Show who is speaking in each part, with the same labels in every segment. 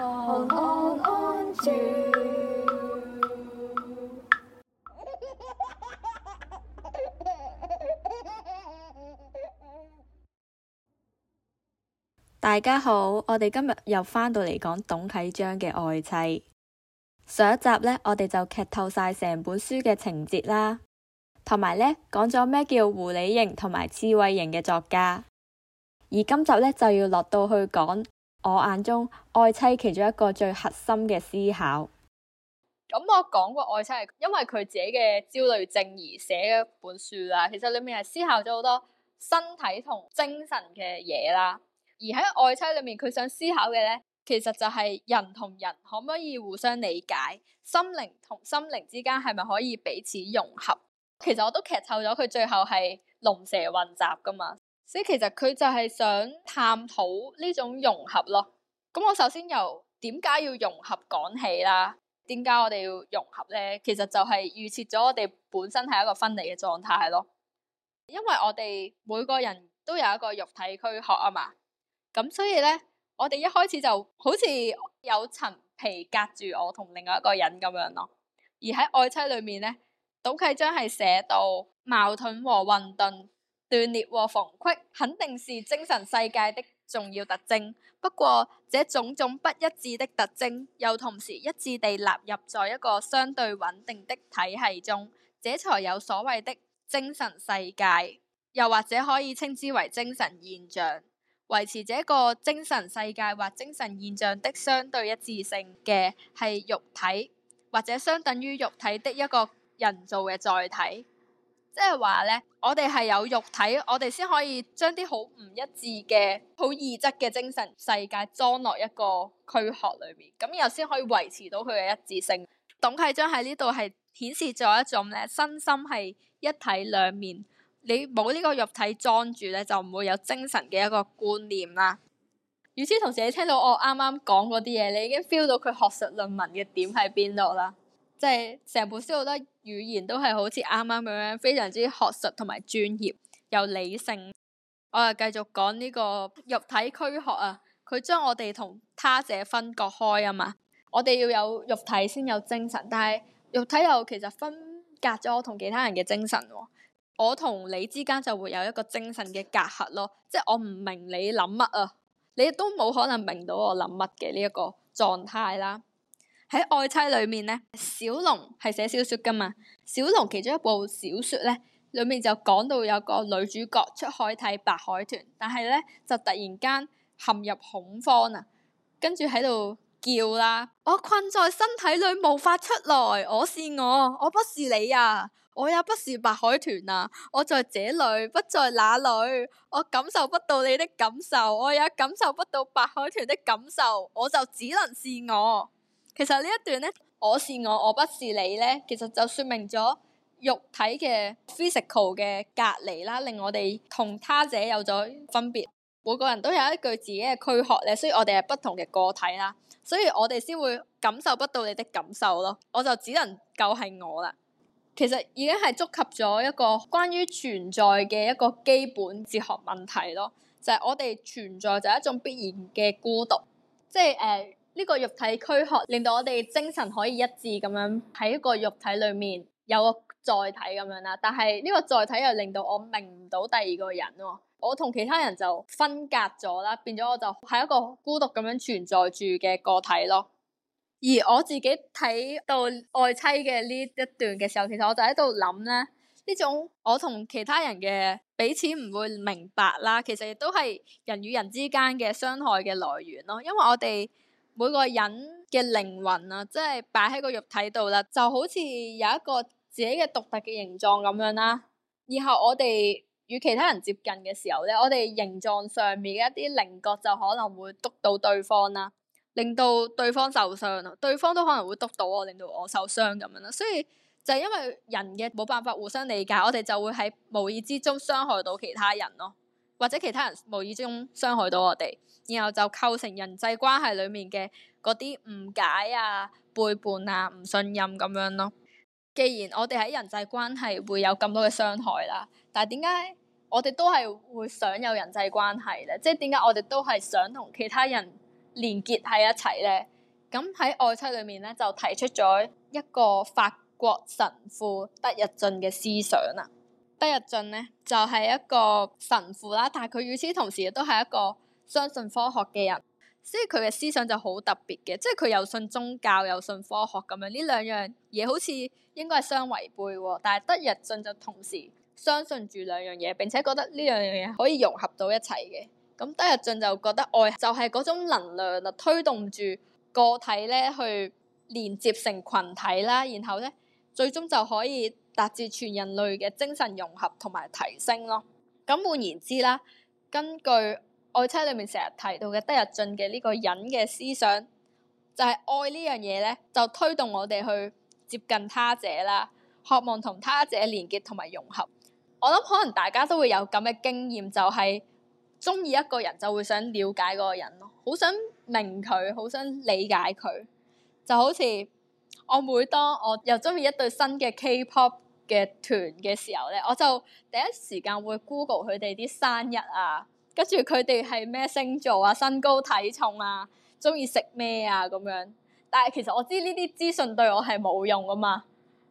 Speaker 1: All,
Speaker 2: all,
Speaker 3: 大家好，我哋今日又返到嚟講董啟章嘅《愛妻》。上一集呢，我哋就劇透晒成本書嘅情節啦，同埋呢，講咗咩叫狐狸型同埋刺蝟型嘅作家，而今集呢，就要落到去講。我眼中《愛妻》其中一個最核心嘅思考。咁、嗯、我講過《愛妻》係因為佢自己嘅焦慮症而寫嘅本書啦。其實裡面係思考咗好多身體同精神嘅嘢啦。而喺《愛妻》裡面，佢想思考嘅呢，其實就係人同人可唔可以互相理解，心靈同心靈之間係咪可以彼此融合？其實我都劇透咗，佢最後係龍蛇混雜㗎嘛。所以其實佢就係想探討呢種融合咯。咁我首先由點解要融合講起啦？點解我哋要融合咧？其實就係預設咗我哋本身係一個分離嘅狀態咯。因為我哋每個人都有一個肉體軀殼啊嘛。咁所以咧，我哋一開始就好似有層皮隔住我同另外一個人咁樣咯。而喺愛妻裏面咧，董啟章係寫到矛盾和混沌。斷裂和縫隙肯定是精神世界的重要特徵。不過，這種種不一致的特徵又同時一致地納入在一個相對穩定的體系中，這才有所謂的精神世界。又或者可以稱之為精神現象。維持這個精神世界或精神現象的相對一致性嘅，係肉體或者相等於肉體的一個人造嘅載體。即係話咧，我哋係有肉體，我哋先可以將啲好唔一致嘅、好異質嘅精神世界裝落一個軀殼裏面，咁又先可以維持到佢嘅一致性。董啟章喺呢度係顯示咗一種咧，身心係一體兩面。你冇呢個肉體裝住咧，就唔會有精神嘅一個觀念啦。與此同時，你聽到我啱啱講嗰啲嘢，你已經 feel 到佢學術論文嘅點喺邊度啦。即係成部書，好多得語言都係好似啱啱咁樣，非常之學術同埋專業又理性。我啊繼續講呢、呢個肉體軀殼啊，佢將我哋同他者分割開啊嘛。我哋要有肉體先有精神，但係肉體又其實分隔咗我同其他人嘅精神，啊。我同你之間就會有一個精神嘅隔閡咯，即係我唔明你諗乜啊，你都冇可能明到我諗乜嘅呢一個狀態啦。喺《愛妻》裏面呢，小龍係寫小說噶嘛？小龍其中一部小說呢，裏面就講到有個女主角出海睇白海豚，但係呢就突然間陷入恐慌啊，跟住喺度叫啦： 我困在身體裏無法出來，我是我，我不是你啊，我也不是白海豚啊，我在這裏不在那裏，我感受不到你的感受，我也感受不到白海豚的感受，我就只能是我。其實呢一段咧，我是我，我不是你咧，其實就說明咗肉體嘅 physical 嘅隔離啦，令我哋同他者有咗分別。每個人都有一具自己嘅軀殼咧，所以我哋係不同嘅個體啦，所以我哋先會感受不到你的感受咯。我就只能夠係我啦。其實已經係觸及咗一個關於存在嘅一個基本哲學問題咯，就係、是、我哋存在就係一種必然嘅孤獨，即係誒。呃呢個肉體軀殼令到我哋精神可以一致，咁樣喺一個肉體裏面有個載體咁樣啦，但係呢個載體又令到我明唔到第二個人喎。我同其他人就分隔咗啦，變咗我就係一個孤獨咁樣存在住嘅個體咯。而我自己睇到愛妻嘅呢一段嘅時候，其實我就喺度諗咧，呢種我同其他人嘅彼此唔會明白啦。其實亦都係人與人之間嘅傷害嘅來源咯，因為我哋。每個人嘅靈魂啊，即係擺喺個肉體度啦，就好似有一個自己嘅獨特嘅形狀咁樣啦。然後我哋與其他人接近嘅時候咧，我哋形狀上面嘅一啲稜角就可能會督到對方啦，令到對方受傷啊。對方都可能會督到我，令到我受傷咁樣啦。所以就係因為人嘅冇辦法互相理解，我哋就會喺無意之中傷害到其他人咯。或者其他人無意中傷害到我哋，然後就構成人際關係裡面嘅嗰啲誤解啊、背叛啊、唔信任咁樣咯。既然我哋喺人際關係會有咁多嘅傷害啦，但係點解我哋都係會想有人際關係咧？即係點解我哋都係想同其他人連結喺一齊咧？咁喺愛妻裏面咧就提出咗一個法國神父德日進嘅思想啦。德日進咧就係、是、一個神父啦，但係佢與此同時亦都係一個相信科學嘅人，所以佢嘅思想就好特別嘅，即係佢又信宗教又信科學咁樣，呢兩樣嘢好似應該係相違背喎，但係德日進就同時相信住兩樣嘢，並且覺得呢兩樣嘢可以融合到一齊嘅。咁德日進就覺得愛就係嗰種能量啊，推動住個體咧去連接成群體啦，然後咧最終就可以達至全人類嘅精神融合同埋提升咯。咁換言之啦，根據愛妻裏面成日提到嘅德日進嘅呢個人嘅思想，就係愛呢樣嘢咧，就推動我哋去接近他者啦，渴望同他者連結同埋融合。我諗可能大家都會有咁嘅經驗，就係中意一個人就會想了解嗰個人咯，好想明佢，好想理解佢。就好似我每當我又中意一對新嘅 K-pop。嘅團嘅時候咧，我就第一時間會 Google 佢哋啲生日啊，跟住佢哋係咩星座啊，身高體重啊，中意食咩啊咁樣。但係其實我知呢啲資訊對我係冇用㗎嘛，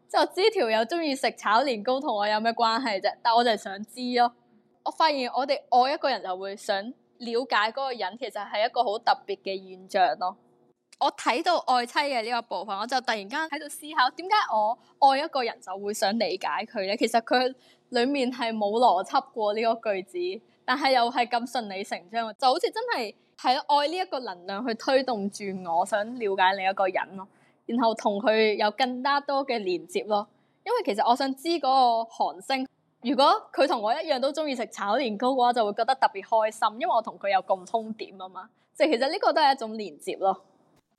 Speaker 3: 即係我知條友中意食炒年糕同我有咩關係啫？但我就係想知咯。我發現我哋愛一個人就會想了解嗰個人，其實係一個好特別嘅現象咯。我睇到愛妻嘅呢個部分，我就突然間喺度思考，點解我愛一個人就會想理解佢呢？其實佢裏面係冇邏輯過呢個句子，但係又係咁順理成章，就好似真係係愛呢一個能量去推動住，我想了解你一個人咯，然後同佢有更加多嘅連接咯。因為其實我想知嗰個韓星，如果佢同我一樣都中意食炒年糕嘅話，就會覺得特別開心，因為我同佢有共通點啊嘛。即係其實呢個都係一種連接咯。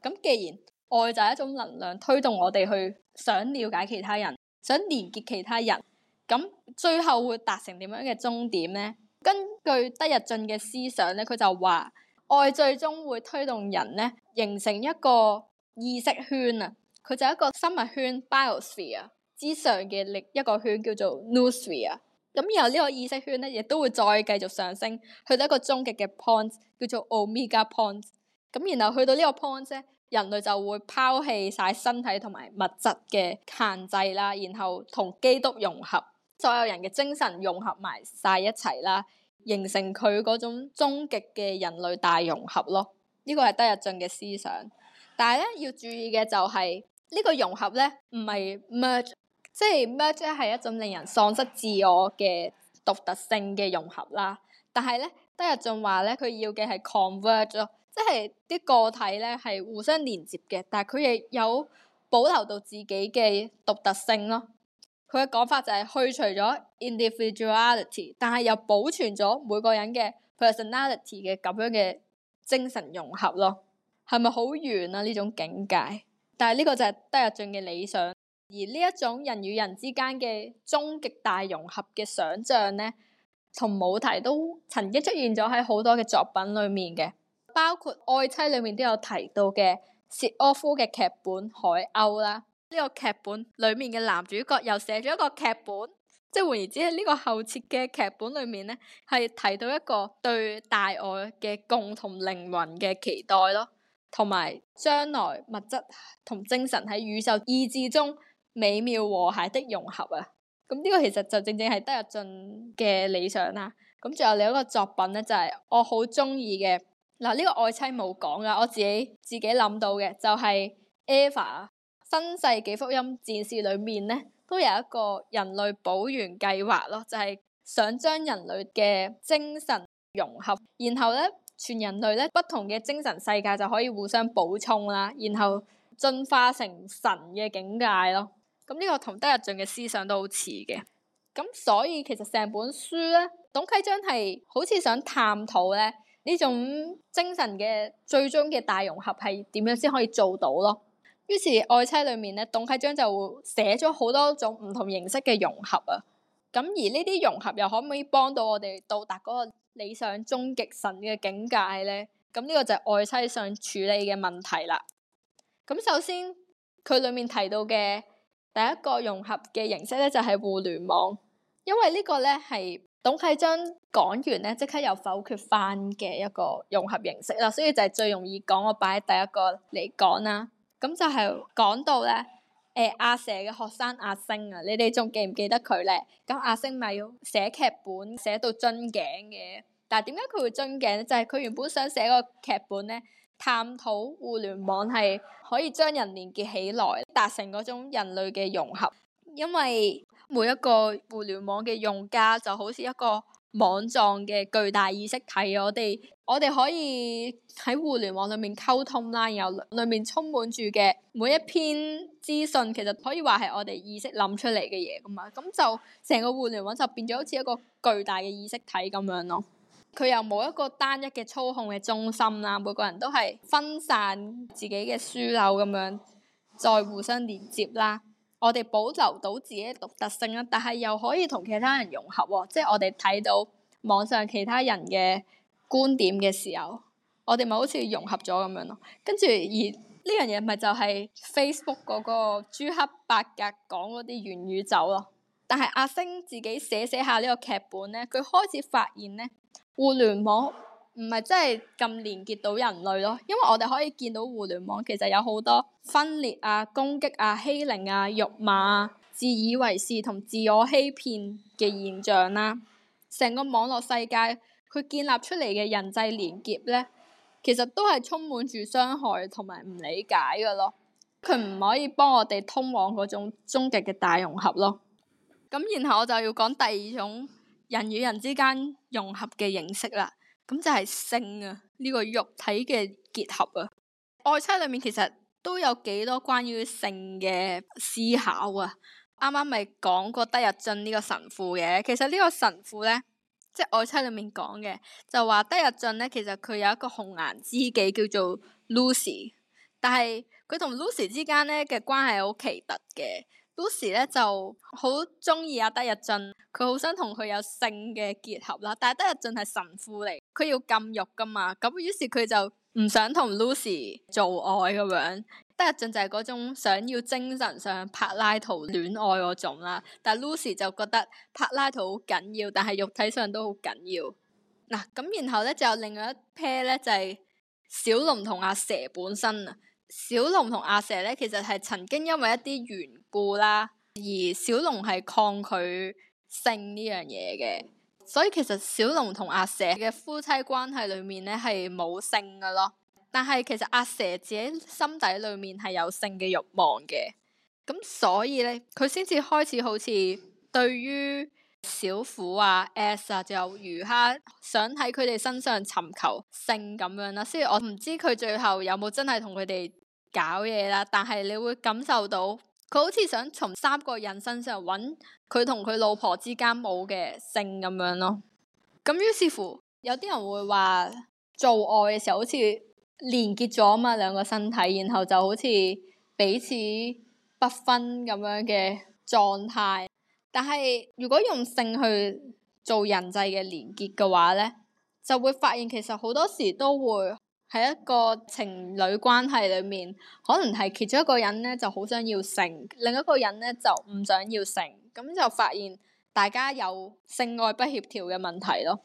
Speaker 3: 咁既然愛就係一種能量，推動我哋去想了解其他人，想連結其他人，咁最後會達成點樣嘅終點呢？根據德日進嘅思想咧，佢就話愛最終會推動人咧形成一個意識圈啊，佢就係一個生物圈 （biosphere） 之上嘅另一個圈叫做 noosphere 啊。咁然後呢個意識圈咧亦都會再繼續上升，去到一個終極嘅 point 叫做 omega point。咁然後去到呢個 point 啫，人類就會拋棄晒身體同埋物質嘅限制啦，然後同基督融合，所有人嘅精神融合埋晒一齊啦，形成佢嗰種終極嘅人類大融合咯。呢、這個係德日進嘅思想，但係咧要注意嘅就係、是、呢、這個融合咧唔係 merge，即係 merge 係一種令人喪失自我嘅獨特性嘅融合啦。但係咧，德日進話咧，佢要嘅係 converge 咯。即係啲個體咧，係互相連接嘅，但係佢亦有保留到自己嘅獨特性咯。佢嘅講法就係去除咗 individuality，但係又保存咗每個人嘅 personality 嘅咁樣嘅精神融合咯。係咪好遠啊？呢種境界，但係呢個就係德日進嘅理想。而呢一種人與人之間嘅終極大融合嘅想像咧，同母題都曾經出現咗喺好多嘅作品裡面嘅。包括《愛妻》裏面都有提到嘅契訶夫嘅劇本《海鷗》啦。呢、這個劇本裏面嘅男主角又寫咗一個劇本，即係換言之，呢、這個後設嘅劇本裏面咧，係提到一個對大愛嘅共同靈魂嘅期待咯，同埋將來物質同精神喺宇宙意志中美妙和諧的融合啊。咁呢個其實就正正係德日進嘅理想啦。咁最後另一個作品咧，就係、是、我好中意嘅。嗱，呢個愛妻冇講噶，我自己自己諗到嘅就係、是《Eva 新世紀福音戰士》裏面咧，都有一個人類補完計劃咯，就係、是、想將人類嘅精神融合，然後咧全人類咧不同嘅精神世界就可以互相補充啦，然後進化成神嘅境界咯。咁、這、呢個同德日進嘅思想都好似嘅。咁所以其實成本書咧，董啟章係好似想探討咧。呢種精神嘅最終嘅大融合係點樣先可以做到咯？於是《愛妻》裏面咧，董啟章就寫咗好多種唔同形式嘅融合啊。咁而呢啲融合又可唔可以幫到我哋到達嗰個理想終極神嘅境界呢？咁呢個就係《愛妻》上處理嘅問題啦。咁首先佢裡面提到嘅第一個融合嘅形式咧，就係互聯網，因為呢個咧係。董啟章講完咧，即刻又否決翻嘅一個融合形式啦，所以就係最容易講，我擺喺第一個嚟講啦。咁就係講到咧，誒、呃、阿蛇嘅學生阿星啊，你哋仲記唔記得佢咧？咁阿星咪要寫劇本，寫到樽頸嘅。但係點解佢會樽頸咧？就係、是、佢原本想寫個劇本咧，探討互聯網係可以將人連結起來達成嗰種人類嘅融合，因為。每一個互聯網嘅用家就好似一個網狀嘅巨大意識體，我哋我哋可以喺互聯網裏面溝通啦，然後裏面充滿住嘅每一篇資訊，其實可以話係我哋意識諗出嚟嘅嘢噶嘛，咁就成個互聯網就變咗好似一個巨大嘅意識體咁樣咯。佢又冇一個單一嘅操控嘅中心啦，每個人都係分散自己嘅樞紐咁樣再互相連接啦。我哋保留到自己嘅獨特性啊，但係又可以同其他人融合喎，即係我哋睇到網上其他人嘅觀點嘅時候，我哋咪好似融合咗咁樣咯。跟住而呢樣嘢咪就係 Facebook 嗰個朱克伯格講嗰啲元宇宙咯。但係阿、啊、星自己寫寫下呢個劇本咧，佢開始發現咧，互聯網。唔係真係咁連結到人類咯，因為我哋可以見到互聯網其實有好多分裂啊、攻擊啊、欺凌啊、辱罵啊、自以為是同自我欺騙嘅現象啦、啊。成個網絡世界佢建立出嚟嘅人際連結咧，其實都係充滿住傷害同埋唔理解㗎咯。佢唔可以幫我哋通往嗰種終極嘅大融合咯。咁然後我就要講第二種人與人之間融合嘅形式啦。咁就係性啊！呢個肉體嘅結合啊，《愛妻》裏面其實都有幾多關於性嘅思考啊。啱啱咪講過德日進呢個神父嘅，其實呢個神父咧，即係《愛妻》裏面講嘅，就話德日進咧，其實佢有一個紅顏知己叫做 Lucy，但係佢同 Lucy 之間咧嘅關係好奇特嘅。Lucy 咧就好中意阿德日進，佢好想同佢有性嘅結合啦。但係德日進係神父嚟，佢要禁欲噶嘛。咁於是佢就唔想同 Lucy 做愛咁樣。德日進就係嗰種想要精神上柏拉圖戀愛嗰種啦。但係 Lucy 就覺得柏拉圖好緊要，但係肉體上都好緊要嗱。咁、啊、然後咧就有另外一 pair 咧就係、是、小龍同阿蛇本身啊。小龍同阿蛇咧，其實係曾經因為一啲緣故啦，而小龍係抗拒性呢樣嘢嘅，所以其實小龍同阿蛇嘅夫妻關係裏面咧係冇性噶咯。但係其實阿蛇自己心底裏面係有性嘅欲望嘅，咁所以咧佢先至開始好似對於。小虎啊，S 啊，仲有魚蝦，想喺佢哋身上尋求性咁樣啦。雖然我唔知佢最後有冇真係同佢哋搞嘢啦，但係你會感受到佢好似想從三個人身上揾佢同佢老婆之間冇嘅性咁樣咯。咁於是乎，有啲人會話做愛嘅時候好似連結咗啊嘛，兩個身體，然後就好似彼此不分咁樣嘅狀態。但係，如果用性去做人際嘅連結嘅話咧，就會發現其實好多時都會喺一個情侶關係裏面，可能係其中一個人咧就好想要性，另一個人咧就唔想要性，咁就發現大家有性愛不協調嘅問題咯。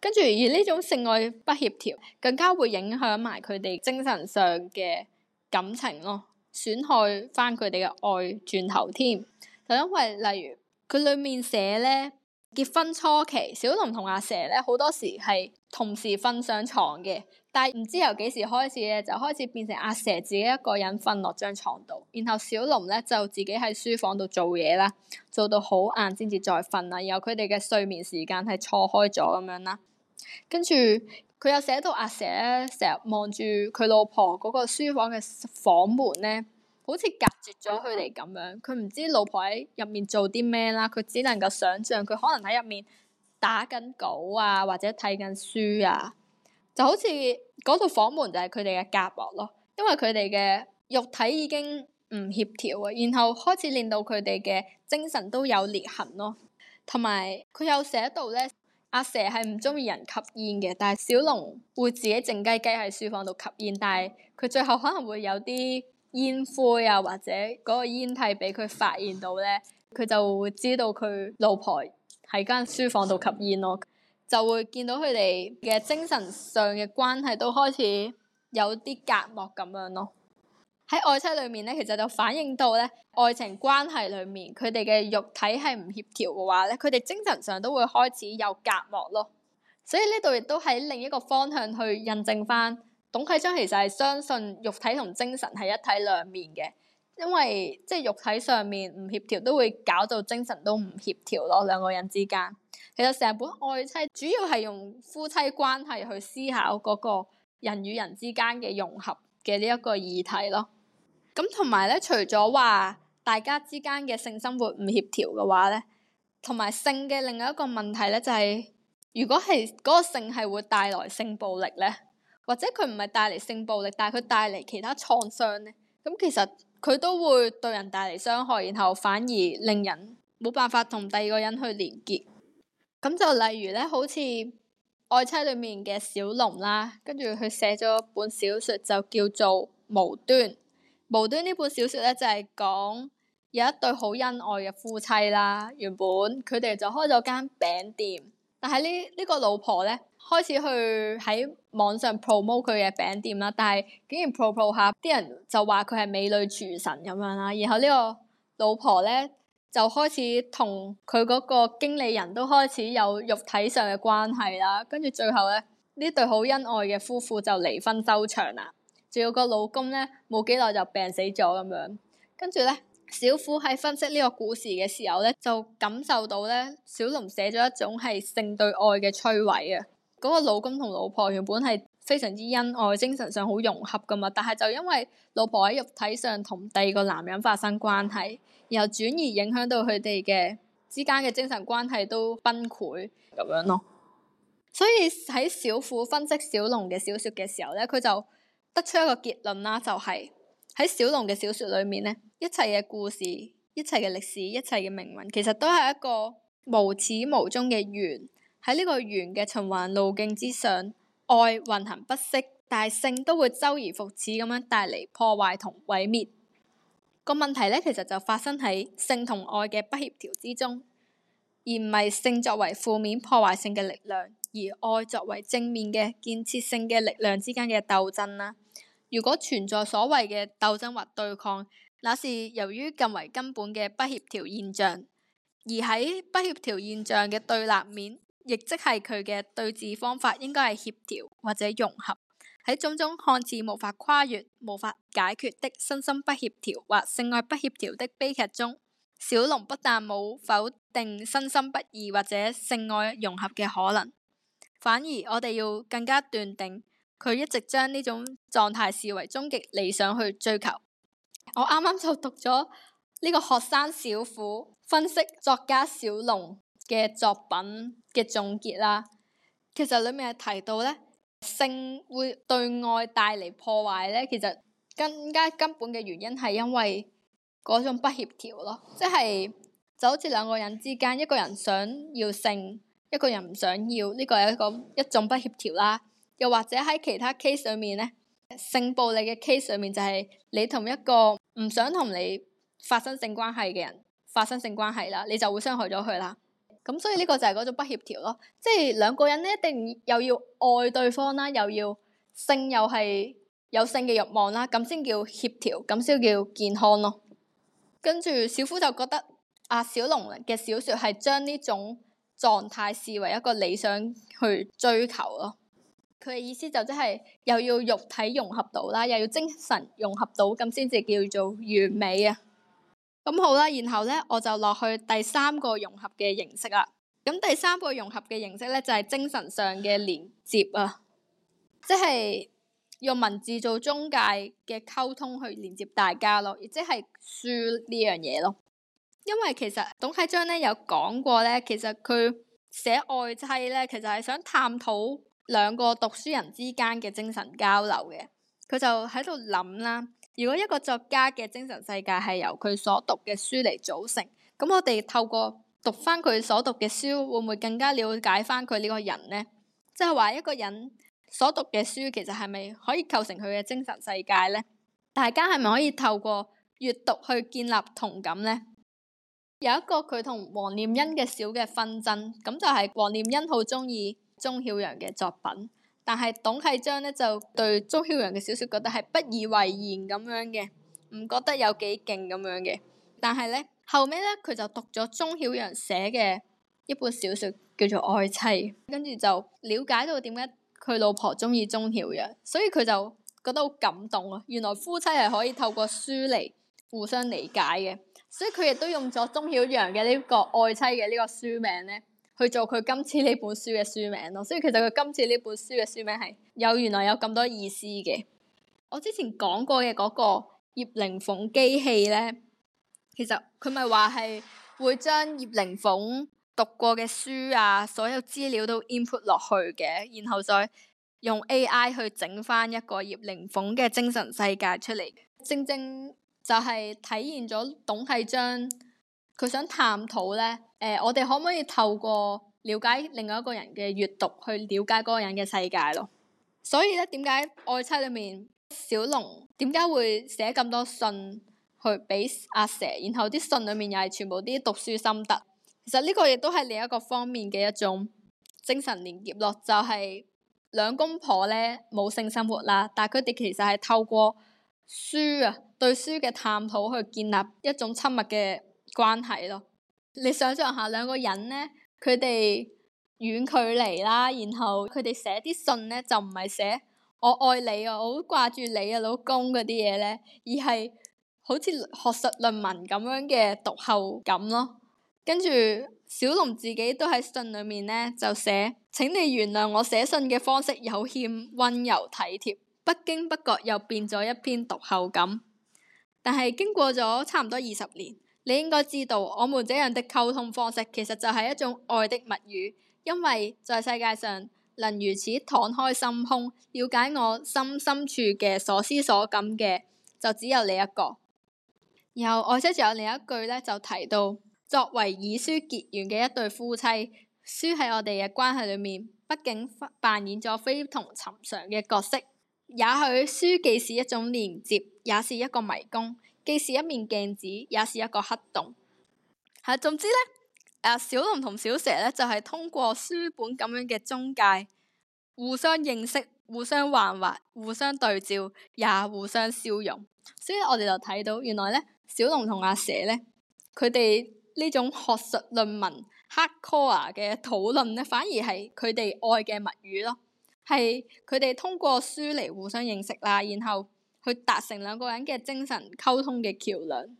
Speaker 3: 跟住而呢種性愛不協調，更加會影響埋佢哋精神上嘅感情咯，損害翻佢哋嘅愛轉頭添。就因為例如。佢裏面寫咧結婚初期，小龍同阿蛇咧好多時係同時瞓上床嘅，但係唔知由幾時開始咧就開始變成阿蛇自己一個人瞓落張床度，然後小龍咧就自己喺書房度做嘢啦，做到好晏先至再瞓啦，然後佢哋嘅睡眠時間係錯開咗咁樣啦。跟住佢又寫到阿蛇咧成日望住佢老婆嗰個書房嘅房門咧。好似隔絕咗佢哋咁樣，佢唔知老婆喺入面做啲咩啦。佢只能夠想象佢可能喺入面打緊稿啊，或者睇緊書啊。就好似嗰套房門就係佢哋嘅隔膜咯，因為佢哋嘅肉體已經唔協調啊，然後開始令到佢哋嘅精神都有裂痕咯。同埋佢有寫到咧，阿蛇係唔中意人吸煙嘅，但係小龍會自己靜雞雞喺書房度吸煙，但係佢最後可能會有啲。煙灰啊，或者嗰個煙蒂俾佢發現到呢，佢就會知道佢老婆喺間書房度吸煙咯，就會見到佢哋嘅精神上嘅關係都開始有啲隔膜咁樣咯。喺愛妻裏面咧，其實就反映到咧愛情關係裏面佢哋嘅肉體係唔協調嘅話咧，佢哋精神上都會開始有隔膜咯。所以呢度亦都喺另一個方向去印證翻。董啟章其實係相信肉體同精神係一體兩面嘅，因為即係肉體上面唔協調都會搞到精神都唔協調咯。兩個人之間，其實成本愛妻主要係用夫妻關係去思考嗰個人與人之間嘅融合嘅呢一個議題咯。咁同埋咧，除咗話大家之間嘅性生活唔協調嘅話咧，同埋性嘅另外一個問題咧就係如果係嗰個性係會帶來性暴力咧。或者佢唔係帶嚟性暴力，但係佢帶嚟其他創傷咧。咁其實佢都會對人帶嚟傷害，然後反而令人冇辦法同第二個人去連結。咁就例如咧，好似《愛妻》裏面嘅小龍啦，跟住佢寫咗本小説就叫做《無端》。無端呢本小説咧就係講有一對好恩愛嘅夫妻啦。原本佢哋就開咗間餅店，但係呢呢個老婆咧。開始去喺網上 promote 佢嘅餅店啦，但係竟然 promo 下，啲人就話佢係美女廚神咁樣啦。然後呢個老婆咧就開始同佢嗰個經理人都開始有肉體上嘅關係啦。跟住最後咧，呢對好恩愛嘅夫婦就離婚收場啦。仲有個老公咧冇幾耐就病死咗咁樣。跟住咧，小虎喺分析呢個故事嘅時候咧，就感受到咧，小龍寫咗一種係性對愛嘅摧毀啊！嗰個老公同老婆原本係非常之恩愛，精神上好融合噶嘛。但係就因為老婆喺肉體上同第二個男人發生關係，然後轉而影響到佢哋嘅之間嘅精神關係都崩潰咁樣咯。所以喺小虎分析小龍嘅小說嘅時候咧，佢就得出一個結論啦，就係喺小龍嘅小說裏面咧，一切嘅故事、一切嘅歷史、一切嘅命運，其實都係一個無始無終嘅緣。喺呢個圓嘅循環路徑之上，愛運行不息，但係性都會周而復始咁樣帶嚟破壞同毀滅。個問題咧，其實就發生喺性同愛嘅不協調之中，而唔係性作為負面破壞性嘅力量，而愛作為正面嘅建設性嘅力量之間嘅鬥爭啦。如果存在所謂嘅鬥爭或對抗，那是由於更為根本嘅不協調現象，而喺不協調現象嘅對立面。亦即係佢嘅對治方法，應該係協調或者融合。喺種種看似無法跨越、無法解決的身心不協調或性愛不協調的悲劇中，小龍不但冇否定身心不二或者性愛融合嘅可能，反而我哋要更加斷定，佢一直將呢種狀態視為終極理想去追求。我啱啱就讀咗呢個學生小虎分析作家小龍嘅作品嘅總結啦，其實裏面係提到咧，性會對愛帶嚟破壞咧。其實更加根本嘅原因係因為嗰種不協調咯，即係就好似兩個人之間，一個人想要性，一個人唔想要，呢個有一個，一個一種不協調啦。又或者喺其他 case 上面咧，性暴力嘅 case 上面就係你同一個唔想同你發生性關係嘅人發生性關係啦，你就會傷害咗佢啦。咁所以呢個就係嗰種不協調咯，即係兩個人咧，一定又要愛對方啦，又要性又係有性嘅欲望啦，咁先叫協調，咁先叫健康咯。跟住小夫就覺得阿小龍嘅小説係將呢種狀態視為一個理想去追求咯。佢嘅意思就即係又要肉體融合到啦，又要精神融合到，咁先至叫做完美啊！咁、嗯、好啦，然後咧我就落去第三個融合嘅形式啦。咁、嗯、第三個融合嘅形式咧就係、是、精神上嘅連接啊，即係用文字做中介嘅溝通去連接大家咯，亦即係書呢樣嘢咯。因為其實董啟章咧有講過咧，其實佢寫愛妻咧，其實係想探討兩個讀書人之間嘅精神交流嘅，佢就喺度諗啦。如果一個作家嘅精神世界係由佢所讀嘅書嚟組成，咁我哋透過讀翻佢所讀嘅書，會唔會更加了解翻佢呢個人呢？即係話一個人所讀嘅書其實係咪可以構成佢嘅精神世界呢？大家係咪可以透過閱讀去建立同感呢？有一個佢同黃念欣嘅小嘅紛爭，咁就係黃念欣好中意鍾曉陽嘅作品。但係董啟章咧就對鍾曉陽嘅小說覺得係不以為然咁樣嘅，唔覺得有幾勁咁樣嘅。但係咧後尾咧佢就讀咗鍾曉陽寫嘅一本小說叫做《愛妻》，跟住就了解到點解佢老婆中意鍾曉陽，所以佢就覺得好感動啊！原來夫妻係可以透過書嚟互相理解嘅，所以佢亦都用咗鍾曉陽嘅呢個《愛妻》嘅呢個書名咧。去做佢今次呢本書嘅書名咯，所以其實佢今次呢本書嘅書名係有原來有咁多意思嘅。我之前講過嘅嗰個葉靈鳳機器呢，其實佢咪話係會將葉靈鳳讀過嘅書啊，所有資料都 input 落去嘅，然後再用 AI 去整返一個葉靈鳳嘅精神世界出嚟，正正就係體現咗董啟章佢想探討呢。誒、呃，我哋可唔可以透過了解另外一個人嘅閱讀，去了解嗰個人嘅世界咯？所以咧，點解《愛妻》裏面小龍點解會寫咁多信去俾阿蛇？然後啲信裏面又係全部啲讀書心得。其實呢個亦都係另一個方面嘅一種精神連結，咯，就係兩公婆咧冇性生活啦，但係佢哋其實係透過書啊，對書嘅探討去建立一種親密嘅關係咯。你想像下，兩個人呢，佢哋遠距離啦，然後佢哋寫啲信呢，就唔係寫我愛你啊，我好掛住你啊，老公嗰啲嘢呢，而係好似學術論文咁樣嘅讀後感咯。跟住小龍自己都喺信裏面呢，就寫：請你原諒我寫信嘅方式有欠溫柔體貼，不經不覺又變咗一篇讀後感。但係經過咗差唔多二十年。你應該知道，我們這樣的溝通方式其實就係一種愛的物語，因為在世界上能如此敞開心胸，了解我心深，深處嘅所思所感嘅，就只有你一個。然後我甥仲有另一句咧，就提到作為以書結緣嘅一對夫妻，書喺我哋嘅關係裏面，畢竟扮演咗非同尋常嘅角色。也許書既是一種連接，也是一個迷宮。既是一面鏡子，也是一個黑洞。係、啊，總之咧，小龍同小蛇咧，就係、是、通過書本咁樣嘅中介，互相認識、互相幻惑、互相對照，也互相消融。所以我，我哋就睇到原來咧，小龍同阿蛇咧，佢哋呢種學術論文 hardcore 嘅討論咧，反而係佢哋愛嘅物語咯，係佢哋通過書嚟互相認識啦，然後，去達成兩個人嘅精神溝通嘅橋梁，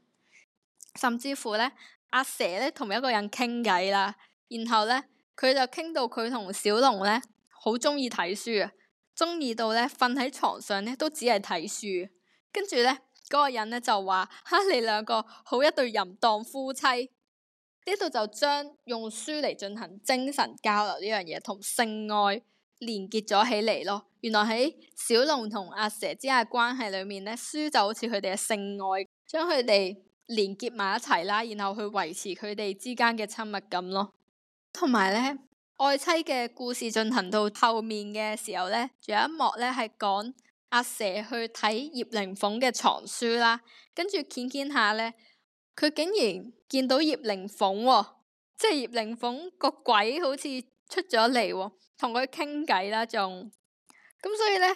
Speaker 3: 甚至乎咧，阿、啊、蛇咧同一個人傾偈啦，然後咧佢就傾到佢同小龍咧好中意睇書啊，中意到咧瞓喺床上咧都只係睇書，跟住咧嗰個人咧就話，哈，你兩個好一對淫蕩夫妻，呢度就將用書嚟進行精神交流呢樣嘢同性愛連結咗起嚟咯。原來喺小龍同阿蛇之間嘅關係裏面咧，書就好似佢哋嘅性愛，將佢哋連結埋一齊啦，然後去維持佢哋之間嘅親密感咯。同埋咧，愛妻嘅故事進行到後面嘅時候咧，仲有一幕咧係講阿蛇去睇葉靈鳳嘅藏書啦，跟住見見下咧，佢竟然見到葉靈鳳，即係葉靈鳳個鬼好似出咗嚟、哦，同佢傾偈啦仲。咁所以咧，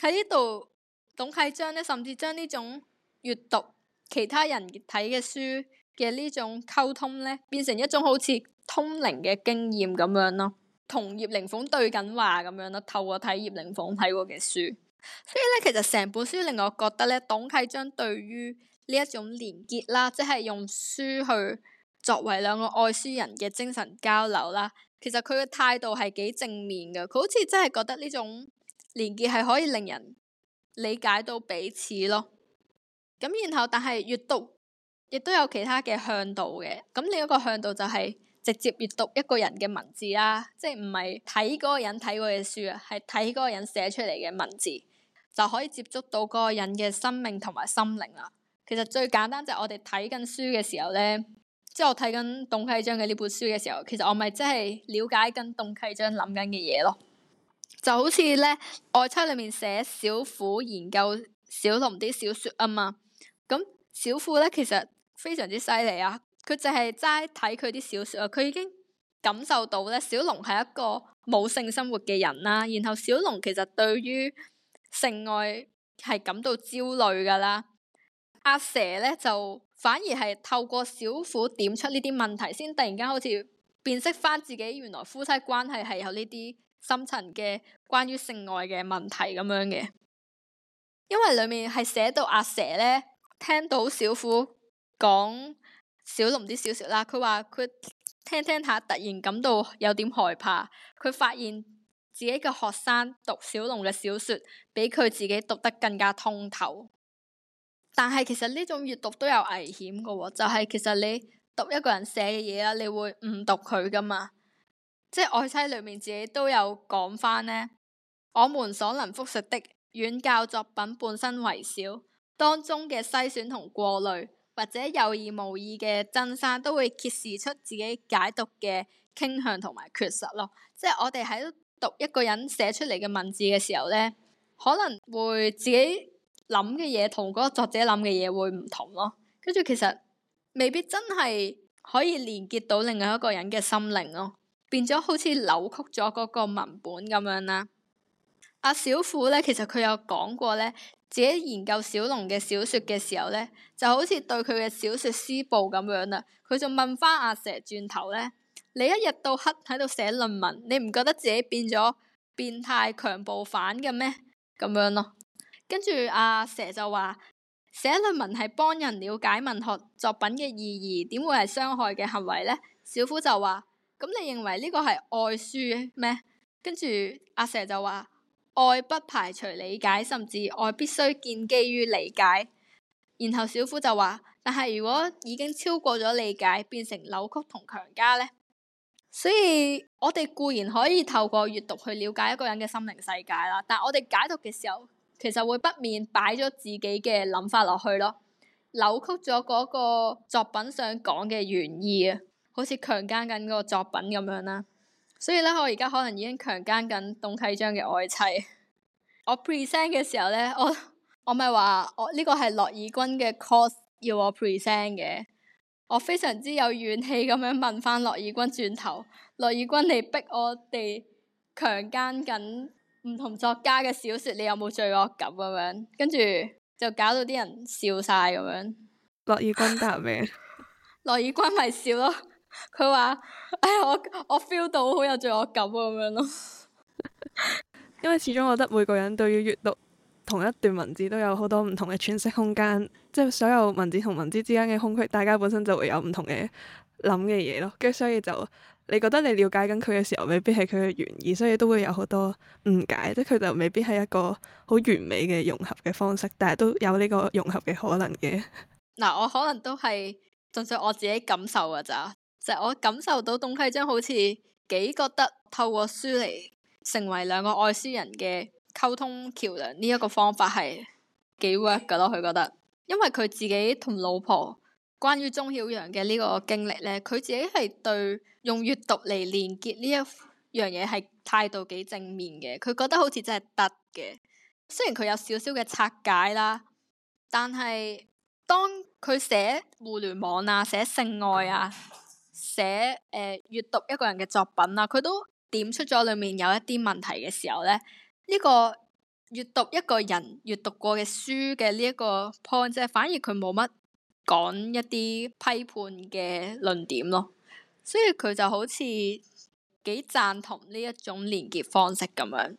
Speaker 3: 喺呢度，董啟章咧，甚至將呢種閱讀其他人睇嘅書嘅呢種溝通咧，變成一種好似通靈嘅經驗咁樣咯，同葉靈鳳對緊話咁樣咯，透過睇葉靈鳳睇過嘅書。所以咧，其實成本書令我覺得咧，董啟章對於呢一種連結啦，即係用書去作為兩個愛書人嘅精神交流啦，其實佢嘅態度係幾正面㗎，佢好似真係覺得呢種。連結係可以令人理解到彼此咯，咁然後但係閱讀亦都有其他嘅向度嘅，咁另一個向度就係、是、直接閱讀一個人嘅文字啦，即係唔係睇嗰個人睇過嘅書啊，係睇嗰個人寫出嚟嘅文字就可以接觸到嗰個人嘅生命同埋心靈啦。其實最簡單就係我哋睇緊書嘅時候呢，即係我睇緊董啟章嘅呢本書嘅時候，其實我咪真係了解緊董啟章諗緊嘅嘢咯。就好似咧，愛妻裏面寫小虎研究小龍啲小說啊嘛，咁小虎咧其實非常之犀利啊，佢淨係齋睇佢啲小說啊，佢已經感受到咧小龍係一個冇性生活嘅人啦，然後小龍其實對於性愛係感到焦慮噶啦，阿蛇咧就反而係透過小虎點出呢啲問題，先突然間好似辨識翻自己原來夫妻關係係有呢啲。深層嘅關於性愛嘅問題咁樣嘅，因為裏面係寫到阿蛇咧聽到小虎講小龍啲小說啦，佢話佢聽聽下，突然感到有點害怕。佢發現自己嘅學生讀小龍嘅小說比佢自己讀得更加通透，但係其實呢種閱讀都有危險嘅喎，就係、是、其實你讀一個人寫嘅嘢啦，你會誤讀佢噶嘛。即係愛妻裏面自己都有講翻呢。我們所能複述的遠較作品本身為少，當中嘅篩選同過濾，或者有意無意嘅增刪，都會揭示出自己解讀嘅傾向同埋缺失咯。即係我哋喺讀一個人寫出嚟嘅文字嘅時候呢，可能會自己諗嘅嘢，同嗰個作者諗嘅嘢會唔同咯，跟住其實未必真係可以連結到另外一個人嘅心靈咯。變咗好似扭曲咗嗰個文本咁樣啦、啊。阿、啊、小富咧，其實佢有講過咧，自己研究小龍嘅小說嘅時候咧，就好似對佢嘅小說施暴咁樣啦、啊。佢仲問翻阿、啊、蛇轉頭咧，你一日到黑喺度寫論文，你唔覺得自己變咗變態強暴犯嘅咩？咁樣咯。跟住阿、啊、蛇就話，寫論文係幫人了解文學作品嘅意義，點會係傷害嘅行為咧？小富就話。咁你認為呢個係愛書咩？跟住阿蛇就話愛不排除理解，甚至愛必須建基於理解。然後小夫就話：但係如果已經超過咗理解，變成扭曲同強加咧。所以我哋固然可以透過閱讀去了解一個人嘅心靈世界啦，但係我哋解讀嘅時候，其實會不免擺咗自己嘅諗法落去咯，扭曲咗嗰個作品想講嘅原意啊。好似強奸緊嗰個作品咁樣啦，所以咧我而家可能已經強奸緊董啟章嘅愛妻。 我 present 嘅時候咧，我我咪話我呢個係樂爾君嘅 course 要我 present 嘅，我非常之有怨氣咁樣問翻樂爾君轉頭，樂爾君你逼我哋強奸緊唔同作家嘅小説，你有冇罪惡感咁樣？跟住就搞到啲人笑晒咁樣。
Speaker 2: 樂爾君答咩？
Speaker 3: 樂爾君咪笑咯～佢話，哎呀，我我 feel 到好有罪惡感咁樣
Speaker 2: 咯。 因為始終我覺得每個人對於閱讀同一段文字都有好多唔同嘅詮釋空間，即係所有文字同文字之間嘅空隙，大家本身就會有唔同嘅諗嘅嘢咯。跟住所以就你覺得你了解緊佢嘅時候，未必係佢嘅原意，所以都會有好多誤解，即係佢就未必係一個好完美嘅融合嘅方式，但係都有呢個融合嘅可能嘅。
Speaker 3: 嗱，我可能都係盡咗我自己感受噶咋。就我感受到董啟章好似幾覺得透過書嚟，成為兩個愛書人嘅溝通橋樑呢一個方法係幾 work 噶咯。佢覺得，因為佢自己同老婆關於鍾曉陽嘅呢個經歷咧，佢自己係對用閱讀嚟連結呢一樣嘢係態度幾正面嘅，佢覺得好似真係得嘅，雖然佢有少少嘅拆解啦，但係當佢寫互聯網啊，寫性愛啊。嗯寫誒、呃，閱讀一個人嘅作品啦，佢都點出咗裡面有一啲問題嘅時候咧，呢、這個閱讀一個人閱讀過嘅書嘅呢一個 point，即係反而佢冇乜講一啲批判嘅論點咯，所以佢就好似幾贊同呢一種連結方式咁樣。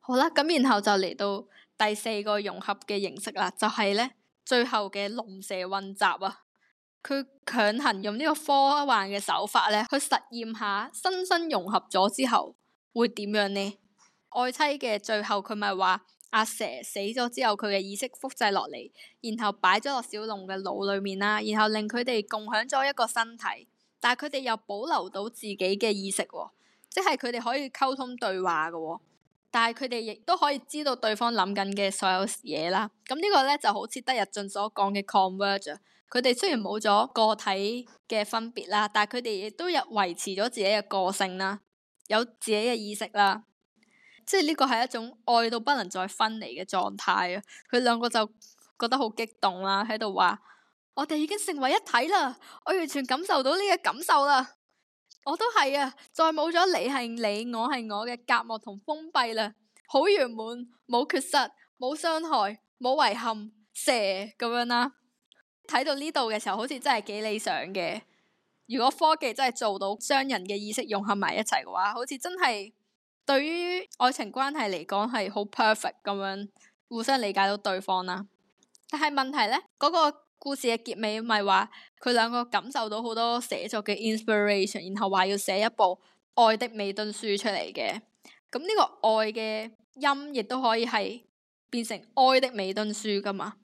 Speaker 3: 好啦，咁然後就嚟到第四個融合嘅形式啦，就係、是、咧最後嘅龍蛇混雜啊！佢強行用呢個科幻嘅手法咧，去實驗下身心融合咗之後會點樣呢？愛妻嘅最後，佢咪話阿蛇死咗之後，佢嘅意識複製落嚟，然後擺咗落小龍嘅腦裡面啦，然後令佢哋共享咗一個身體，但係佢哋又保留到自己嘅意識喎、哦，即係佢哋可以溝通對話嘅、哦，但係佢哋亦都可以知道對方諗緊嘅所有嘢啦。咁呢個咧就好似德日進所講嘅 converge。佢哋雖然冇咗個體嘅分別啦，但係佢哋亦都有維持咗自己嘅個性啦，有自己嘅意識啦，即係呢個係一種愛到不能再分離嘅狀態啊！佢兩個就覺得好激動啦，喺度話：我哋已經成為一體啦，我完全感受到呢個感受啦，我都係啊！再冇咗你係你，我係我嘅隔膜同封閉啦，好圓滿，冇缺失，冇傷害，冇遺憾，蛇咁樣啦，啊。睇到呢度嘅時候，好似真係幾理想嘅。如果科技真係做到將人嘅意識融合埋一齊嘅話，好似真係對於愛情關係嚟講係好 perfect 咁樣，互相理解到對方啦。但係問題呢，嗰、那個故事嘅結尾咪話佢兩個感受到好多寫作嘅 inspiration，然後話要寫一部《愛的美敦書》出嚟嘅。咁呢個愛嘅音亦都可以係變成《哀的美敦書》㗎嘛？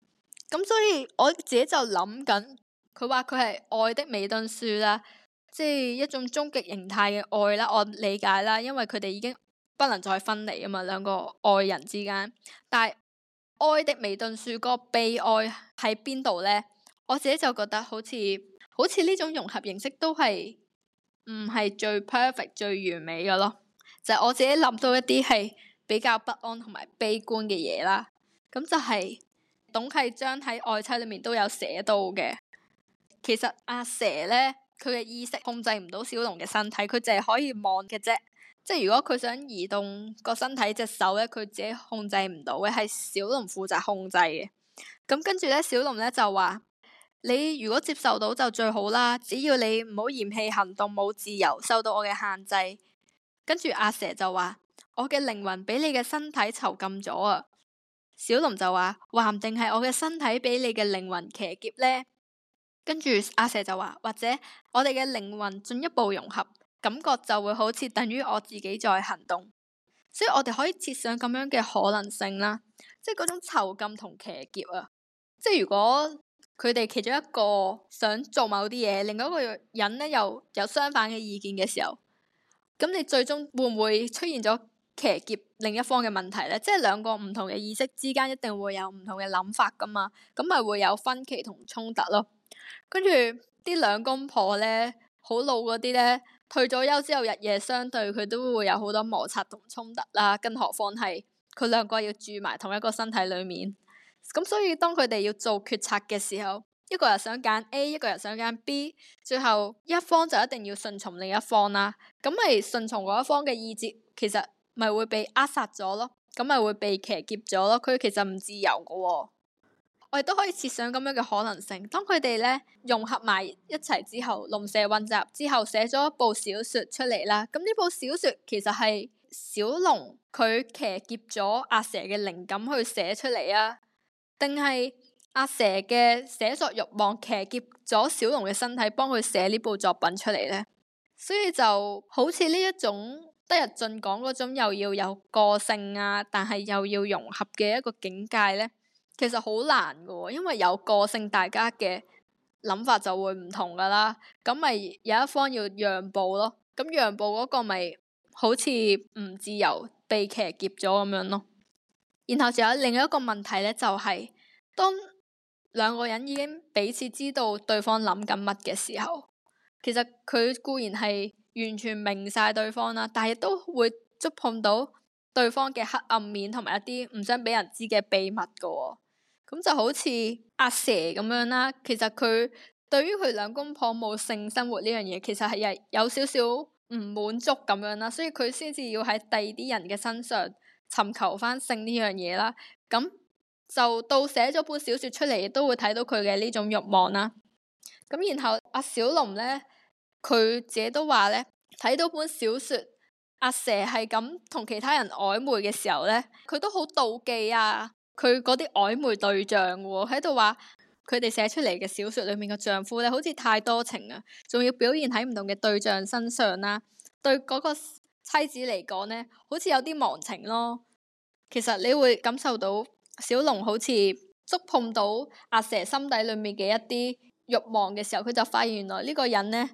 Speaker 3: 咁所以我自己就諗緊，佢話佢係愛的美敦書啦，即係一種終極形態嘅愛啦，我理解啦，因為佢哋已經不能再分離啊嘛，兩個愛人之間。但係愛的美敦書個悲哀喺邊度呢？我自己就覺得好似好似呢種融合形式都係唔係最 perfect 最完美嘅咯，就係、是、我自己諗到一啲係比較不安同埋悲觀嘅嘢啦。咁就係、是。董啟章喺《愛妻》裏面都有寫到嘅。其實阿蛇呢，佢嘅意識控制唔到小龍嘅身體，佢淨係可以望嘅啫。即係如果佢想移動個身體隻手呢，佢自己控制唔到嘅，係小龍負責控制嘅。咁、嗯、跟住呢，小龍呢就話：你如果接受到就最好啦，只要你唔好嫌棄行動冇自由，受到我嘅限制。跟住阿蛇就話：我嘅靈魂俾你嘅身體囚禁咗啊！小龍就話，「話唔定係我嘅身體俾你嘅靈魂騎劫呢。」跟住阿蛇就話，或者我哋嘅靈魂進一步融合，感覺就會好似等於我自己在行動。所以我哋可以設想咁樣嘅可能性啦，即係嗰種囚禁同騎劫啊。即係如果佢哋其中一個想做某啲嘢，另外一個人呢又有，有相反嘅意見嘅時候，咁你最終會唔會出現咗？騎劫另一方嘅問題咧，即係兩個唔同嘅意識之間一定會有唔同嘅諗法噶嘛，咁咪會有分歧同衝突咯。跟住啲兩公婆咧，好老嗰啲咧，退咗休之後日夜相對，佢都會有好多摩擦同衝突啦。更何況係佢兩個要住埋同一個身體裏面，咁所以當佢哋要做決策嘅時候，一個人想揀 A，一個人想揀 B，最後一方就一定要順從另一方啦。咁咪順從嗰一方嘅意志，其實。咪會被扼殺咗咯，咁咪會被騎劫咗咯。佢其實唔自由噶喎、哦。我哋都可以設想咁樣嘅可能性。當佢哋咧融合埋一齊之後，龍蛇混雜之後，寫咗一部小説出嚟啦。咁呢部小説其實係小龍佢騎劫咗阿蛇嘅靈感去寫出嚟啊，定係阿蛇嘅寫作欲望騎劫咗小龍嘅身體，幫佢寫呢部作品出嚟呢？所以就好似呢一種。德日進講嗰種又要有個性啊，但係又要融合嘅一個境界咧，其實好難噶，因為有個性大家嘅諗法就會唔同噶啦，咁咪有一方要讓步咯，咁讓步嗰個咪好似唔自由，被騎劫咗咁樣咯。然後仲有另一個問題咧，就係、是、當兩個人已經彼此知道對方諗緊乜嘅時候，其實佢固然係。完全明晒對方啦，但係亦都會觸碰到對方嘅黑暗面，同埋一啲唔想俾人知嘅秘密噶喎。咁就好似阿蛇咁樣啦，其實佢對於佢兩公婆冇性生活呢樣嘢，其實係有少少唔滿足咁樣啦，所以佢先至要喺第二啲人嘅身上尋求翻性呢樣嘢啦。咁就到寫咗本小說出嚟，亦都會睇到佢嘅呢種慾望啦。咁然後阿小龍咧。佢自己都話咧，睇到本小説阿蛇係咁同其他人曖昧嘅時候咧，佢都好妒忌啊！佢嗰啲曖昧對象喎，哦，喺度話佢哋寫出嚟嘅小説裡面嘅丈夫咧，好似太多情啊，仲要表現喺唔同嘅對象身上啦。對嗰個妻子嚟講咧，好似有啲忘情咯。其實你會感受到小龍好似觸碰到阿蛇心底裡面嘅一啲慾望嘅時候，佢就發現原來呢個人咧。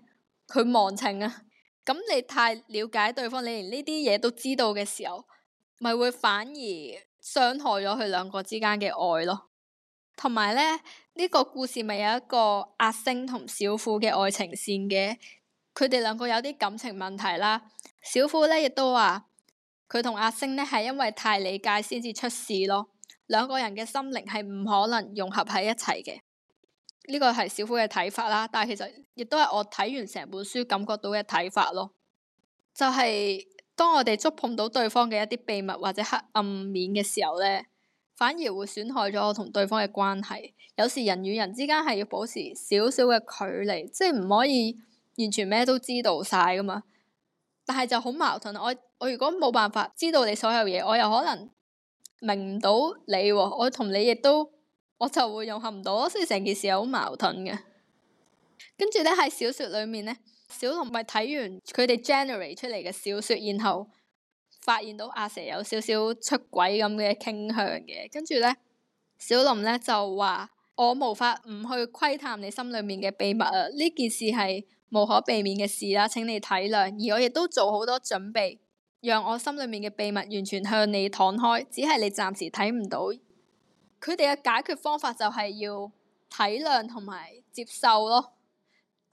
Speaker 3: 佢忘情啊！咁你太了解對方，你連呢啲嘢都知道嘅時候，咪會反而傷害咗佢兩個之間嘅愛咯。同埋咧，呢個故事咪有一個阿星同小富嘅愛情線嘅，佢哋兩個有啲感情問題啦。小富咧亦都話，佢同阿星咧係因為太理解先至出事咯。兩個人嘅心靈係唔可能融合喺一齊嘅。呢個係小虎嘅睇法啦，但係其實亦都係我睇完成本書感覺到嘅睇法咯。就係當我哋觸碰到對方嘅一啲秘密或者黑暗面嘅時候咧，反而會損害咗我同對方嘅關係。有時人與人之間係要保持少少嘅距離，即係唔可以完全咩都知道晒噶嘛。但係就好矛盾，我我如果冇辦法知道你所有嘢，我又可能明唔到你喎。我同你亦都。我就會融合唔到，所以成件事係好矛盾嘅。跟住咧，喺小説裏面咧，小龍咪睇完佢哋 generate 出嚟嘅小説，然後發現到阿蛇有少少出軌咁嘅傾向嘅。跟住咧，小龍咧就話：我無法唔去窺探你心裏面嘅秘密啊！呢件事係無可避免嘅事啦，請你體諒。而我亦都做好多準備，讓我心裏面嘅秘密完全向你敞開，只係你暫時睇唔到。佢哋嘅解決方法就係要體諒同埋接受咯，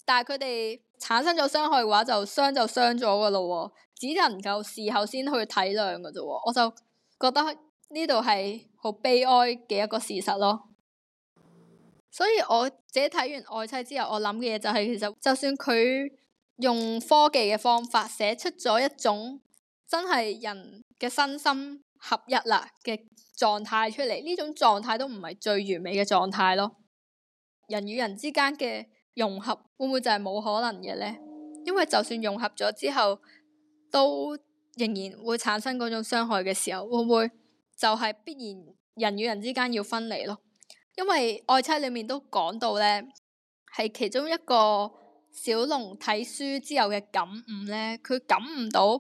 Speaker 3: 但係佢哋產生咗傷害嘅話，就傷就傷咗噶咯喎，只能夠事後先去體諒噶啫喎，我就覺得呢度係好悲哀嘅一個事實咯。所以我自己睇完《愛妻》之後，我諗嘅嘢就係其實就算佢用科技嘅方法寫出咗一種真係人嘅身心合一啦嘅狀態出嚟呢種狀態都唔係最完美嘅狀態咯。人與人之間嘅融合會唔會就係冇可能嘅呢？因為就算融合咗之後，都仍然會產生嗰種傷害嘅時候，會唔會就係必然人與人之間要分離咯？因為《愛妻》裏面都講到呢，係其中一個小龍睇書之後嘅感悟呢，佢感唔到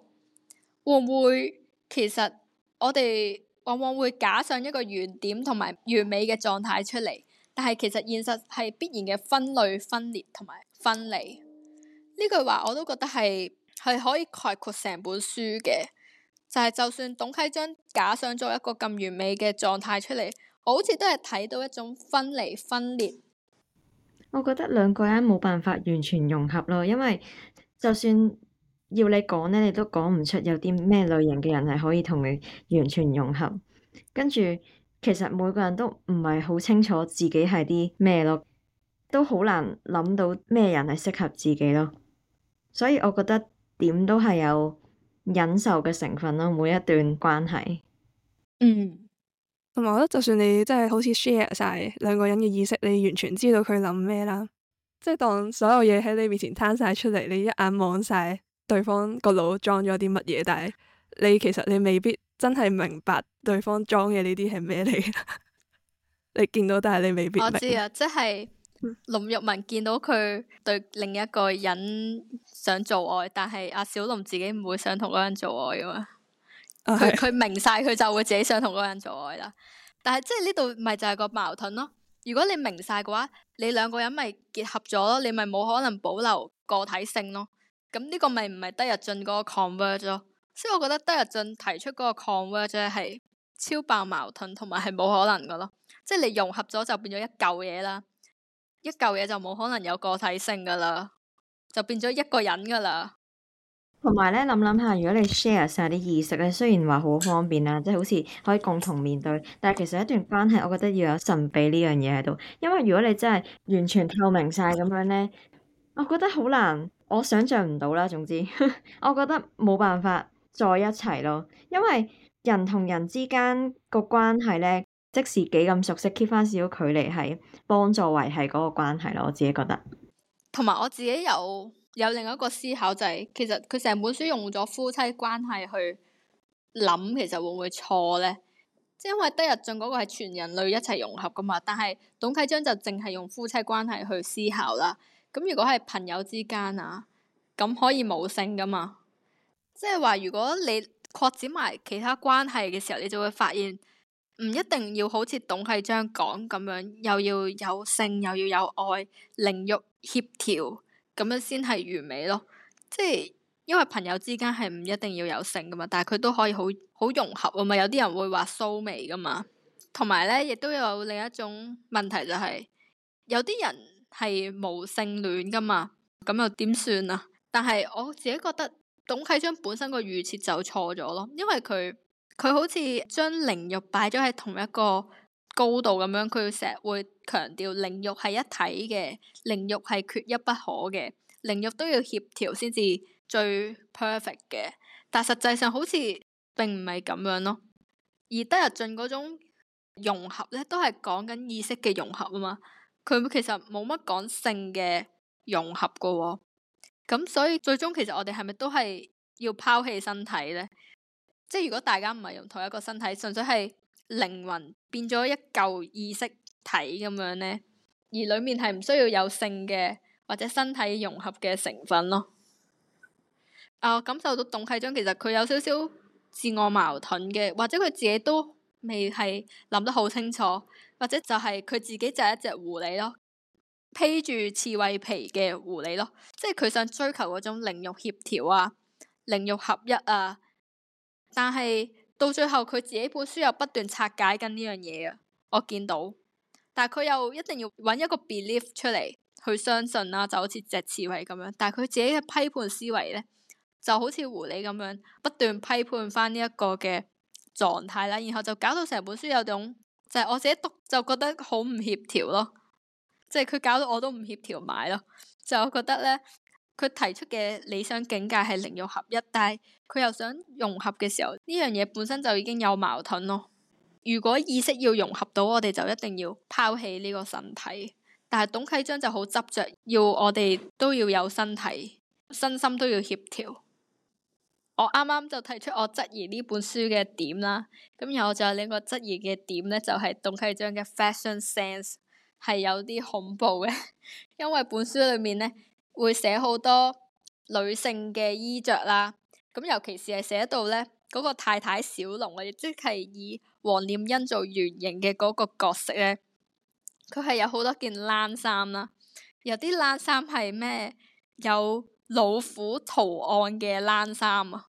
Speaker 3: 會唔會？其實我哋。往往會假想一個原點同埋完美嘅狀態出嚟，但係其實現實係必然嘅分類、分裂同埋分離。呢句話我都覺得係係可以概括成本書嘅，就係、是、就算董啟章假想咗一個咁完美嘅狀態出嚟，我好似都係睇到一種分離、分裂。
Speaker 1: 我覺得兩個人冇辦法完全融合咯，因為就算。要你講咧，你都講唔出有啲咩類型嘅人係可以同你完全融合。跟住，其實每個人都唔係好清楚自己係啲咩咯，都好難諗到咩人係適合自己咯。所以，我覺得點都係有忍受嘅成分咯。每一段關係，
Speaker 2: 嗯，同埋我覺得，就算你真係好似 share 晒兩個人嘅意識，你完全知道佢諗咩啦，即係當所有嘢喺你面前攤晒出嚟，你一眼望晒。對方個腦裝咗啲乜嘢？但係你其實你未必真係明白對方裝嘅呢啲係咩嚟。 你見到，但係你未必。我知啊，
Speaker 3: 即係林玉文見到佢對另一個人想做愛，但係阿小龍自己唔會想同嗰人做愛噶嘛。佢、啊、明晒，佢就會自己想同嗰人做愛啦。但係即係呢度咪就係個矛盾咯。如果你明晒嘅話，你兩個人咪結合咗咯，你咪冇可能保留個體性咯。咁呢個咪唔係德日進嗰個 converge 咯，所以我覺得德日進提出嗰個 converge 係超爆矛盾，同埋係冇可能噶咯。即係你融合咗就變咗一嚿嘢啦，一嚿嘢就冇可能有個體性噶啦，就變咗一個人噶啦。
Speaker 1: 同埋咧，諗諗下，如果你 share 晒啲意識咧，雖然話好方便啊，即係好似可以共同面對，但係其實一段關係，我覺得要有神秘呢樣嘢喺度，因為如果你真係完全透明晒咁樣咧，我覺得好難。我想象唔到啦，總之 我覺得冇辦法再一齊咯，因為人同人之間個關係咧，即使幾咁熟悉，keep 翻少少距離係幫助維繫嗰個關係咯。我自己覺得，
Speaker 3: 同埋我自己有有另一個思考就係，其實佢成本書用咗夫妻關係去諗，其實會唔會錯咧？即係因為德日進嗰個係全人類一齊融合噶嘛，但係董啟章就淨係用夫妻關係去思考啦。咁如果係朋友之間啊，咁可以冇性噶嘛？即係話如果你擴展埋其他關係嘅時候，你就會發現唔一定要好似董啟章講咁樣，又要有性，又要有愛，靈慾協調咁樣先係完美咯。即係因為朋友之間係唔一定要有性噶嘛，但係佢都可以好好融合啊嘛。有啲人會話騷味噶嘛，同埋咧亦都有另一種問題就係、是、有啲人係無性戀噶嘛，咁又點算啊？但係我自己覺得董啟章本身個預設就錯咗咯，因為佢佢好似將靈肉擺咗喺同一個高度咁樣，佢成日會強調靈肉係一體嘅，靈肉係缺一不可嘅，靈肉都要協調先至最 perfect 嘅，但係實際上好似並唔係咁樣咯，而德日進嗰種融合咧，都係講緊意識嘅融合啊嘛。佢其實冇乜講性嘅融合嘅喎。哦，咁所以最終其實我哋係咪都係要拋棄身體咧？即係如果大家唔係用同一個身體，純粹係靈魂變咗一嚿意識體咁樣咧，而裡面係唔需要有性嘅或者身體融合嘅成分咯。啊，感受到董啟章其實佢有少少自我矛盾嘅，或者佢自己都未係諗得好清楚。或者就係佢自己就係一隻狐狸咯，披住刺蝟皮嘅狐狸咯，即係佢想追求嗰種靈肉協調啊、靈肉合一啊。但係到最後佢自己本書又不斷拆解緊呢樣嘢啊，我見到。但係佢又一定要揾一個 belief 出嚟去相信啦、啊，就好似隻刺蝟咁樣。但係佢自己嘅批判思維咧，就好似狐狸咁樣不斷批判翻呢一個嘅狀態啦，然後就搞到成本書有種。但我自己讀就覺得好唔協調咯，即係佢搞到我都唔協調埋咯，就覺得，我就我覺得呢，佢提出嘅理想境界係靈肉合一，但係佢又想融合嘅時候，呢樣嘢本身就已經有矛盾咯。如果意識要融合到我哋，就一定要拋棄呢個身體，但係董啟章就好執着，要我哋都要有身體，身心都要協調。我啱啱就提出我質疑呢本書嘅點啦，咁然後我就有兩個質疑嘅點咧，就係董啟章嘅 fashion sense 係有啲恐怖嘅，因為本書裏面咧會寫好多女性嘅衣着啦，咁尤其是係寫到咧嗰個太太小龍啊，亦即係以黃念欣做原型嘅嗰個角色咧，佢係有好多件冷衫啦，有啲冷衫係咩有？老虎圖案嘅冷衫啊，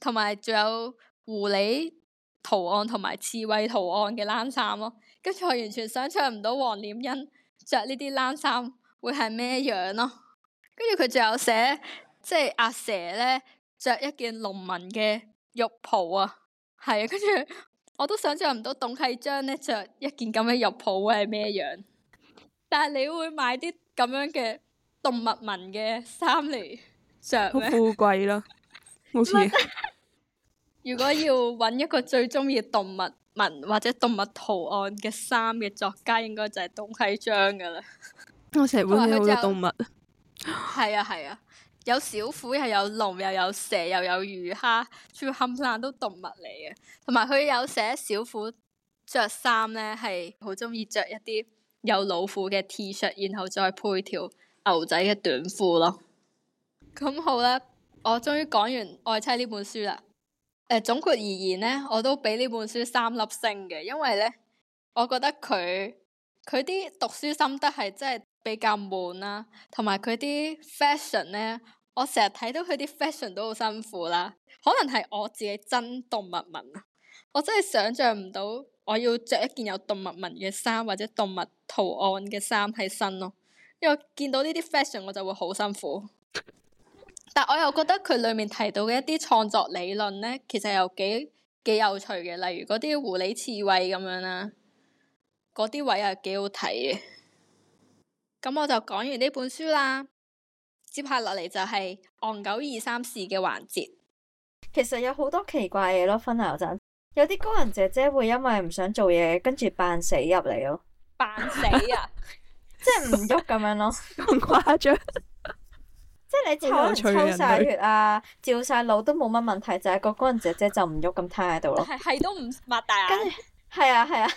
Speaker 3: 同埋仲有狐狸圖案同埋刺蝟圖案嘅冷衫咯，跟住我完全想象唔到黃念欣着呢啲冷衫會係咩樣咯，啊，跟住佢仲有寫即係阿蛇咧着一件龍紋嘅浴袍啊，係啊，跟住我都想象唔到董啟章咧着一件咁嘅浴袍會係咩樣，但係你會買啲咁樣嘅？動物紋嘅衫嚟
Speaker 2: 着咧，富貴啦，冇似 像。
Speaker 3: 如果要揾一個最中意動物紋或者動物圖案嘅衫嘅作家，應該就係董啟章噶啦。
Speaker 2: 董啟章好多動物。
Speaker 3: 係 啊係啊,啊，有小虎，又有龍，又有蛇，又有魚蝦，全部冚爛都動物嚟嘅。同埋佢有寫小虎着衫呢，係好中意着一啲有老虎嘅 T 恤，shirt, 然後再配條。牛仔嘅短褲咯，咁好啦，我終於講完《愛妻》呢本書啦。誒、呃，總括而言咧，我都俾呢本書三粒星嘅，因為呢，我覺得佢佢啲讀書心得係真係比較悶啦，啊，同埋佢啲 fashion 呢，我成日睇到佢啲 fashion 都好辛苦啦，啊。可能係我自己真動物紋啊，我真係想象唔到我要着一件有動物紋嘅衫或者動物圖案嘅衫喺身咯。因為見到呢啲 fashion 我就會好辛苦， 但我又覺得佢裏面提到嘅一啲創作理論呢，其實又幾幾有趣嘅，例如嗰啲狐狸刺蝟咁樣啦，嗰啲位又幾好睇嘅。咁 我就講完呢本書啦，接下落嚟就係《岸久二三事》嘅環節。
Speaker 1: 其實有好多奇怪嘢咯，分享陣。有啲工人姐姐會因為唔想做嘢，跟住扮死入嚟咯。扮死啊！ 即係唔喐咁樣咯，咁誇張。 即係你抽人抽晒血啊， 照晒腦都冇乜問題，就係個工人姐姐就唔喐咁癱喺度咯。
Speaker 3: 係係都唔擘大眼。跟住係啊係啊，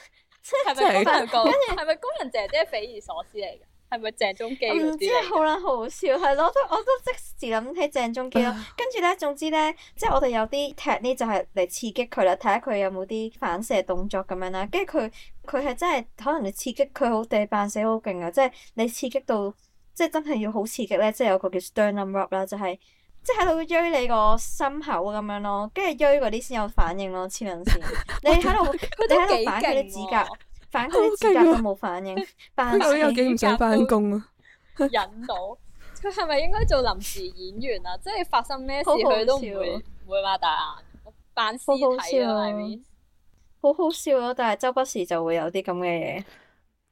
Speaker 3: 即係咪工人？跟住係咪工人姐姐匪夷所思嚟噶？係咪鄭中基嗰啲啊？真係
Speaker 1: 好撚好笑，係咯，我都即時諗起鄭中基咯。唉跟住咧，總之咧，即係我哋有啲踢呢，就係嚟刺激佢啦，睇下佢有冇啲反射動作咁樣啦。跟住佢，佢係真係可能你刺激佢好，地扮死好勁啊！即係你刺激到，即係真係要好刺激咧，即係有個叫 sternum rub 啦、就是，就係即係喺度追你個心口咁樣咯，跟住追嗰啲先有反應咯，黐撚線。佢哋喺度反佢啲指甲。 反正佢根本冇反應，扮死。佢有幾唔想返工啊？甲 引到佢係咪應該
Speaker 3: 做臨時演員啊？ 即係發生咩事佢都唔唔會擘大眼
Speaker 1: 扮屍好好笑、啊， 好好笑咯、啊我 mean 啊！但係周不時就會有啲咁嘅嘢，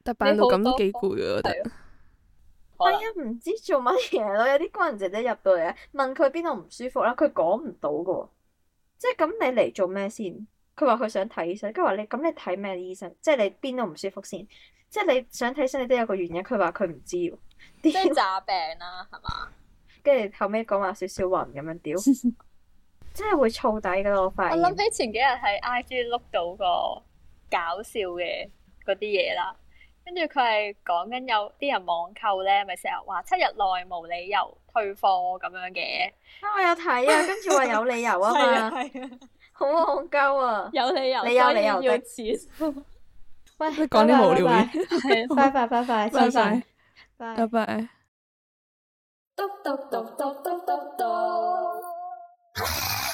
Speaker 1: 但扮到咁幾攰啊！我覺得。今日唔知做乜嘢咯？有啲工人姐姐入到嚟啊，問佢邊度唔舒服啦，佢講唔到嘅，即係咁你嚟做咩先？佢話佢想睇醫生，佢話你咁你睇咩醫生？即係你邊度唔舒服先？即係你想睇醫生，你都有個原因。佢話佢唔知，
Speaker 3: 即係詐病啦、啊，係嘛？
Speaker 1: 跟住後尾講話少少暈咁樣屌，即係 會燥底㗎囉。我發我諗起
Speaker 3: 前幾日喺 IG 碌到個搞笑嘅嗰啲嘢啦，跟住佢係講緊有啲人網購咧，咪成日話七日內無理由退貨咁樣嘅、啊。我有睇啊，跟住話有理由啊 嘛。
Speaker 1: 好，好啊，好夠啊，有理由，你有理由要辭。喂、 哎，講啲無聊嘢。拜拜拜拜拜拜，多 Bye bye. 拜拜。
Speaker 3: 哎哎哎